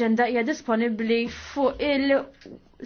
ġenda hija disponibbli fuq il